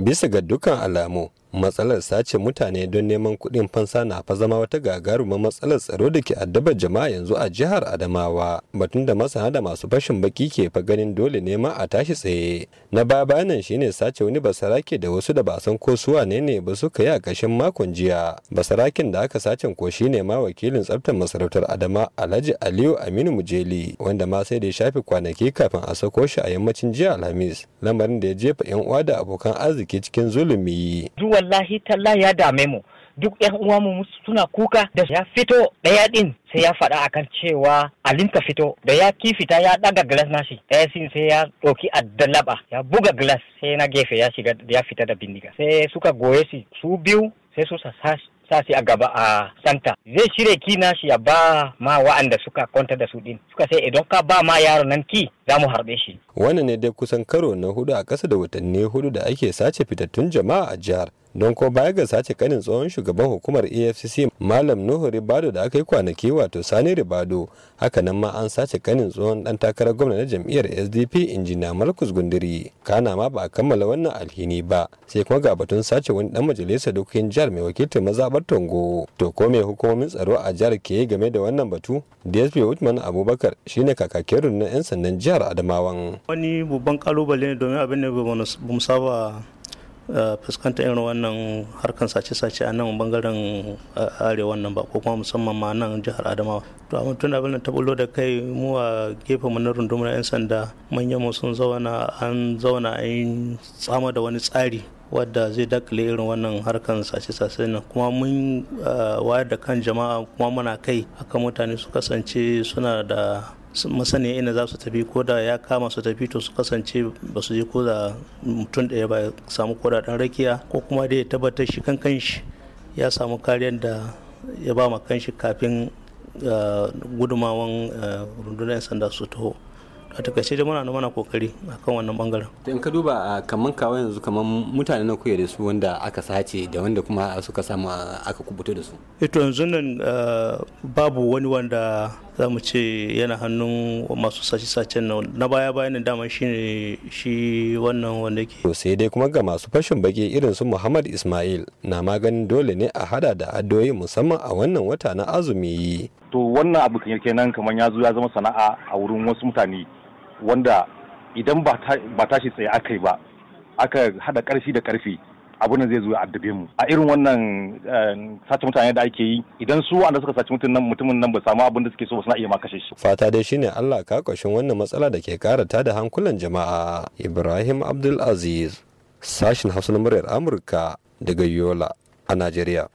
bisa ga dukkan alamu matsalar sace mutane don neman kuɗin fansa na fa zama wata gagarumar matsalar tsaro da ke addabar jama'a yanzu a jihar adamawa batun da masana da masu fashin baki ke fa ganin dole nema a tashi tsaye na baya bayanan shine sace wani basarake da wasu da ba san ko su wane ne ba suka yi a ƙarshen makon jiya basaraken da aka sacen ko shine ma wakilin tsaftar masarautar adama alhaji aliyu aminu mujeli wanda ma sai da ya shafi kwanaki kafin a sako shi a yammacin jiya alhamis lamarin da ya jefa yan uwa da abokan arziki cikin zulumi wallahi talla ya dame mu duk yan uwa mu suna kuka da ya fito ɗaya ɗin sai ya faɗa akan cewa alin ka fito da ya kifita ya ɗaga glass nashi ɗaya sin sai ya ɗauki addalaba ya buga glass sai na gefe ya shiga ya fita da bindiga sai suka goye shi su biyu sai su sa shi a gaba a santa zai shirya ki nashi ya ba ma wa'anda suka kwanta da su din suka sai idan ka ba ma yaron nan ki za mu harbe shi wannan ne dai kusan karo na hudu a ƙasa da watanni hudu da ake sace fitattun jama'a a jihar don ko baya ga sace kanin tsohon shugaban hukumar efcc malam nuhu ribado da aka yi kwanaki wato sani ribado hakanan ma an sace kanin tsohon dan takarar gwamna na jam'iyyar sdp injina markus gundiri kana ma ba a kammala wannan alhini ba sai kuma ga batun sace wani dan majalisar dokokin jihar mai wakiltar mazabar tongo to ko mai hukumomin tsaro a jihar ke yi game da wannan batu dsp Uthman abubakar shine kakakin rundunar 'yan sandan jihar adamawan wani babban kalubale ne domin abin da ba mu saba Eh, fuskanta irin wannan harkan sace-sace a nan bangaren eh, arewa nan ba ko kuma musamman ma nan jihar adamawa to amma tun abin ta bullo da kai mu a gefe mu na rundunar 'yan sanda manyan mu sun zauna an zauna an tsama da wani tsari wadda zai dakile irin wannan harkan sace-sace nan kuma mun eh, wayar da kan jama'a kuma muna kai akan mutane su kasance suna da masani ina za su tafi ko da ya kama su tafi to su kasance ba su je ko da mutum ɗaya ba samu ko da rakiya ko kuma dai ya tabbatar shi kan kanshi ya samu kariyar da ya ba ma kanshi kafin ah, gudumawan ah, rundunar 'yan sanda su taho a takaice da muna mana kokari a kan wannan bangaren in ka duba ah, kaman kawo yanzu kaman mutane na kuya da su wanda aka sace da wanda kuma suka samu aka kubuto da su ito eh, yanzu nan babu wani wanda za mu ce yana hannun masu sace-sacen na baya bayan dama shi ne shi wannan wanda ke to sai dai kuma ga masu fashin baki irin su muhammad ismail na maganin dole ne a hada da addoyi musamman a wannan wata na azumi to wannan abu nan kamar ya zo ya zama sana'a a wurin wasu mutane wanda idan ba tashi tsaye aka yi ba aka hada karfi da karfi abu ne zai zo ya addabe mu a irin wannan eh, sace mutane da ake yi idan su wanda suka sace mutum nan mutumin nan ba samu abin da suke so ba suna iya ma kashe shi fata dai shine Allah ka kwashin wannan matsala da ke karata da hankulan jama'a Ibrahim Abdul Aziz sashin Hausa na muryar Amurka daga Yola a Najeriya